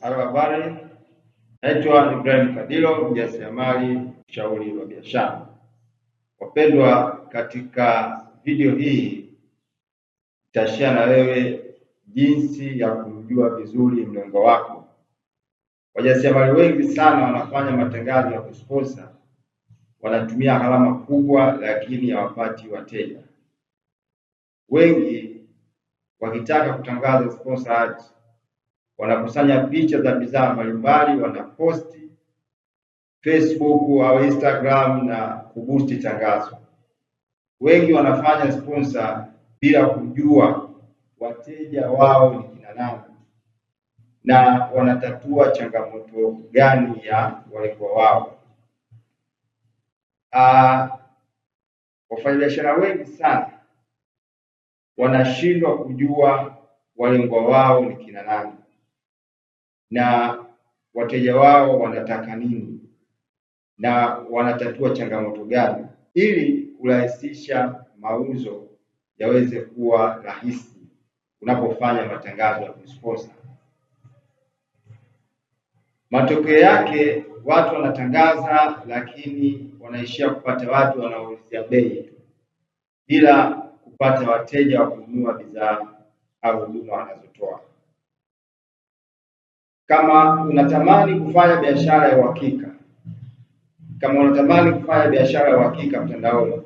Habari, naitwa Ibrahim Kadilo, mjasiriamali, mshauri wa biashara. Wapendwa, katika video hii nitashare na wewe jinsi ya kumjua vizuri mlengo wako. Wajasiriamali wengi sana wanafanya matangazo ya kusponsa, wanatumia gharama kubwa, lakini hawapati wateja wengi. Wakitaka kutangaza ads wanakusanya picha za bidhaa mbalimbali, wanaposti Facebook au Instagram na kuboost tangazo. Wengi wanafanya sponsor bila kujua wateja wao ni kina nani na wanatatua changamoto gani ya walengwa wao. Ah, wafanyabiashara wengi sana wanashindwa kujua walengwa wao ni kina nani na wateja wao wanataka nini na wanatatua changamoto gani, ili kurahisisha mauzo yaweze kuwa rahisi unapofanya matangazo ya kusponsor. Matokeo yake watu wanatangaza, lakini wanaishia kupata watu wanaoulizia bei tu bila kupata wateja wa kununua bidhaa au huduma wanazotoa. Kama unatamani kufanya biashara ya uhakika, kama unatamani kufanya biashara ya uhakika mtandaoni,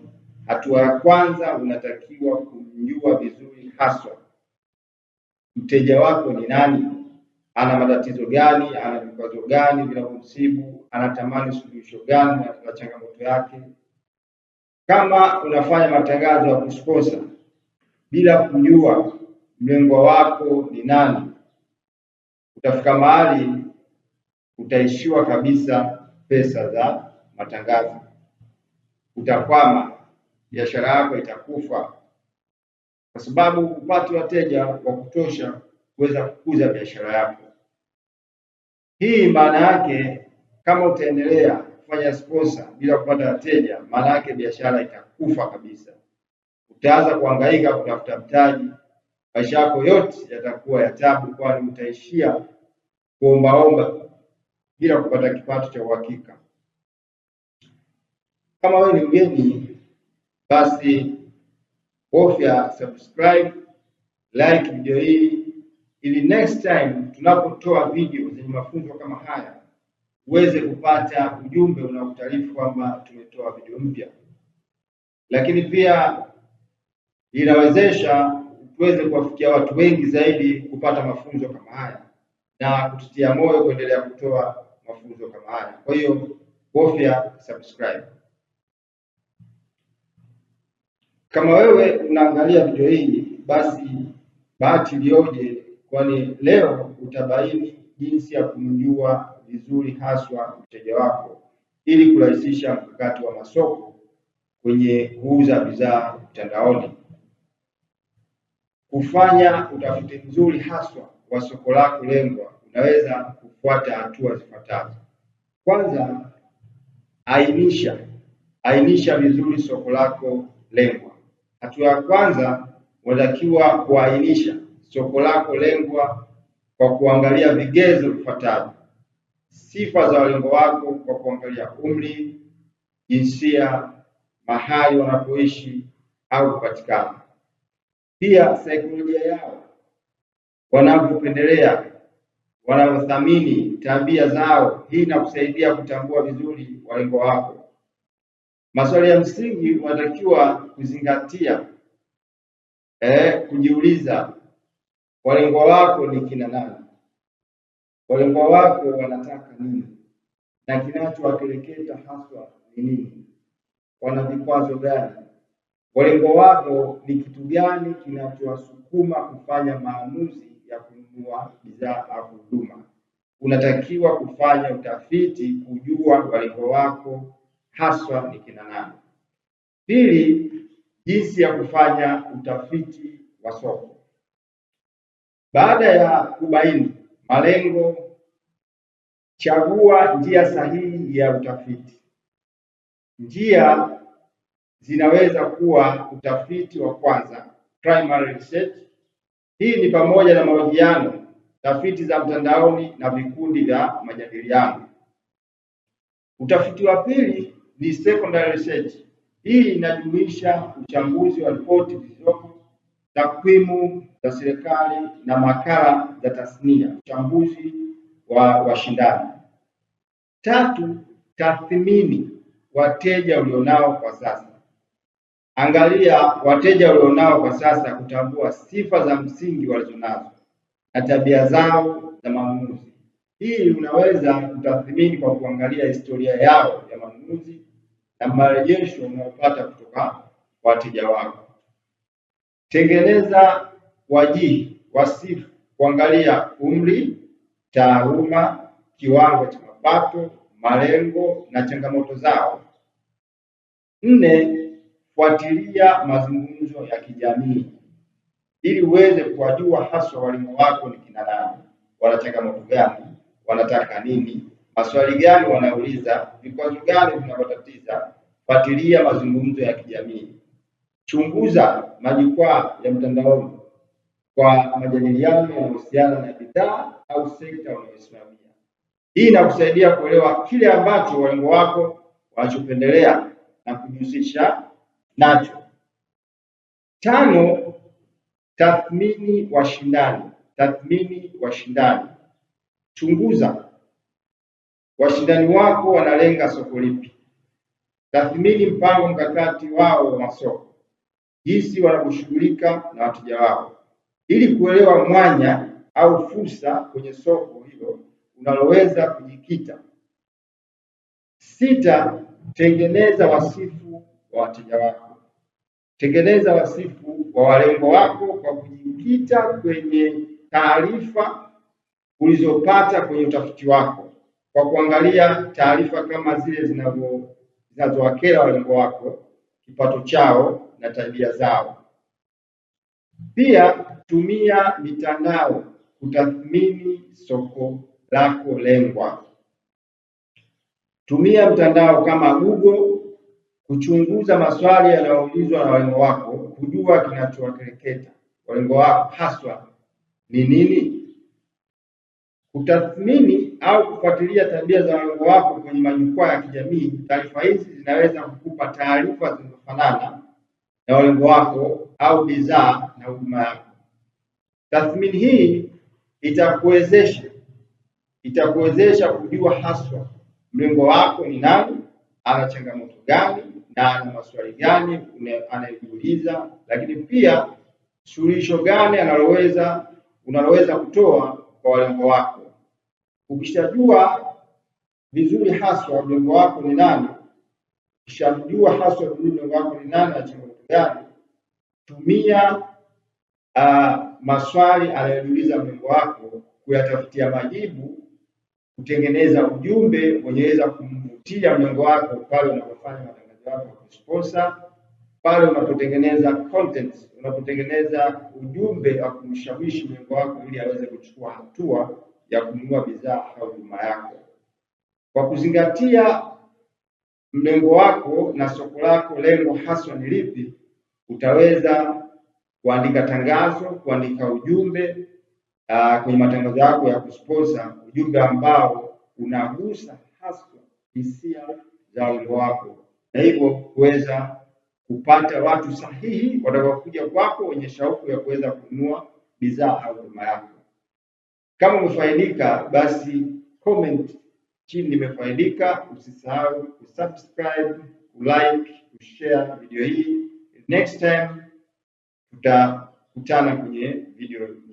hatua ya kwanza unatakiwa kumjua vizuri haswa mteja wako ni nani, ana matatizo gani, ana vikwazo gani vinavyomsibu, anatamani suluhisho gani na changamoto yake. Kama unafanya matangazo ya kusponsa bila kujua mlengwa wako ni nani Utafika mahali utaishiwa kabisa pesa za matangazo, utakwama, biashara yako itakufa, kwa sababu hupati wateja wa kutosha kuweza kukuza biashara yako. Hii maana yake kama utaendelea kufanya sponsor bila kupata wateja, maana yake biashara itakufa kabisa. Utaanza kuhangaika kutafuta mtaji maisha yako yote yatakuwa ya taabu, kwani mtaishia kuombaomba bila kupata kipato cha uhakika. Kama wewe ni mgeni, basi bofya subscribe, like video hii ili next time tunapotoa video zenye mafunzo kama haya uweze kupata ujumbe unaokutaarifu kwamba tumetoa video mpya. Lakini pia inawezesha tuweze kuwafikia watu wengi zaidi kupata mafunzo kama haya na kututia moyo kuendelea kutoa mafunzo kama haya. Kwa hiyo bofya subscribe. Kama wewe unaangalia video hii, basi bahati iliyoje, kwani leo utabaini jinsi ya kumjua vizuri haswa mteja wako ili kurahisisha mkakati wa masoko kwenye kuuza bidhaa mtandaoni. Kufanya utafiti mzuri haswa wa soko lako lengwa unaweza kufuata hatua zifuatazo. Kwanza, ainisha ainisha vizuri soko lako lengwa. Hatua ya kwanza unatakiwa kuainisha soko lako lengwa kwa kuangalia vigezo vifuatavyo: sifa za walengo wako kwa kuangalia umri, jinsia, mahali wanapoishi au kupatikana pia saikolojia yao wanavyopendelea wanavyothamini tabia zao. Hii inakusaidia kutambua vizuri walengo wako. Maswali ya msingi unatakiwa kuzingatia, eh, kujiuliza walengo wako ni kina nani? Walengo wako wanataka nini? Na kinachowapeleketa haswa ni nini? Wana vikwazo gani? Walengwa wako ni kitu gani kinachowasukuma kufanya maamuzi ya kununua bidhaa au huduma. Unatakiwa kufanya utafiti kujua walengwa wako haswa ni kina nani. Pili, jinsi ya kufanya utafiti wa soko. Baada ya kubaini malengo, chagua njia sahihi ya utafiti. Njia zinaweza kuwa utafiti wa kwanza primary research. Hii ni pamoja na mahojiano, tafiti za mtandaoni na vikundi vya majadiliano. Utafiti wa pili ni secondary research. Hii inajumuisha uchambuzi wa ripoti zilizopo, takwimu za serikali na makala za tasnia, uchambuzi wa washindani. Tatu, tathmini wateja ulionao kwa sasa Angalia wateja ulionao kwa sasa kutambua sifa za msingi walizonazo na tabia zao za manunuzi. Hii unaweza kutathmini kwa kuangalia historia yao ya manunuzi na marejesho unayopata kutoka kwa wateja wako. Tengeneza wajihi wasifu kuangalia umri, taaluma, kiwango cha mapato, malengo na changamoto zao. Nne, fuatilia mazungumzo ya kijamii ili uweze kuwajua haswa walimu wako ni kina nani, wana changamoto gani, wanataka nini, maswali gani wanauliza, vikwazo gani vinavyotatiza. Fuatilia mazungumzo ya kijamii, chunguza majukwaa ya mtandaoni kwa majadiliano yanayohusiana na bidhaa au sekta unayosimamia. Hii inakusaidia kuelewa kile ambacho walimu wako wanachopendelea na kujihusisha nacho. Tano, tathmini washindani. Tathmini washindani, chunguza washindani wako wanalenga soko lipi, tathmini mpango mkakati wao wa masoko, jinsi wanavyoshughulika na wateja wao, ili kuelewa mwanya au fursa kwenye soko hilo unaloweza kujikita. Sita, tengeneza wasifu wa wateja wako. Tengeneza wasifu wa walengo wako kwa kujikita kwenye taarifa ulizopata kwenye utafiti wako, kwa kuangalia taarifa kama zile zinazo zinazowakera walengo wako, kipato chao na tabia zao. Pia tumia mitandao kutathmini soko lako lengwa. Tumia mtandao kama Google kuchunguza maswali yanayoulizwa na walengo wako, kujua kinachowakereketa walengo wako haswa ni nini, kutathmini au kufuatilia tabia za walengo wako kwenye majukwaa ya kijamii. Taarifa hizi zinaweza kukupa taarifa zinazofanana na walengo wako au bidhaa na huduma yako. Tathmini hii itakuwezesha itakuwezesha kujua haswa mlengo wako ni nani, ana changamoto gani na ana maswali gani anayojiuliza, lakini pia suluhisho gani analoweza unaloweza kutoa kwa walengo wako. Ukishajua vizuri haswa mlengo wako ni nani, ukishajua haswa vizuri mlengo wako ni nani na changamoto gani, tumia uh, maswali anayojiuliza mlengo wako kuyatafutia majibu kutengeneza ujumbe unyeweza kumvutia mlengo wako pale unapofanya yako ni sponsor. Pale unapotengeneza content, unapotengeneza ujumbe wa kumshawishi mlengo wako ili aweze kuchukua hatua ya kununua bidhaa au huduma yako, kwa kuzingatia mlengo wako na soko lako, lengo haswa ni lipi, utaweza kuandika tangazo, kuandika ujumbe uh, kwenye matangazo yako ya kusponsor, ujumbe ambao unagusa haswa hisia za lengo wako na hivyo kuweza kupata watu sahihi watakaokuja kwako wenye shauku ya kuweza kununua bidhaa au huduma yako. Kama umefaidika, basi comment chini nimefaidika. Usisahau kusubscribe, kulike, kushare video hii. Next time tutakutana kwenye video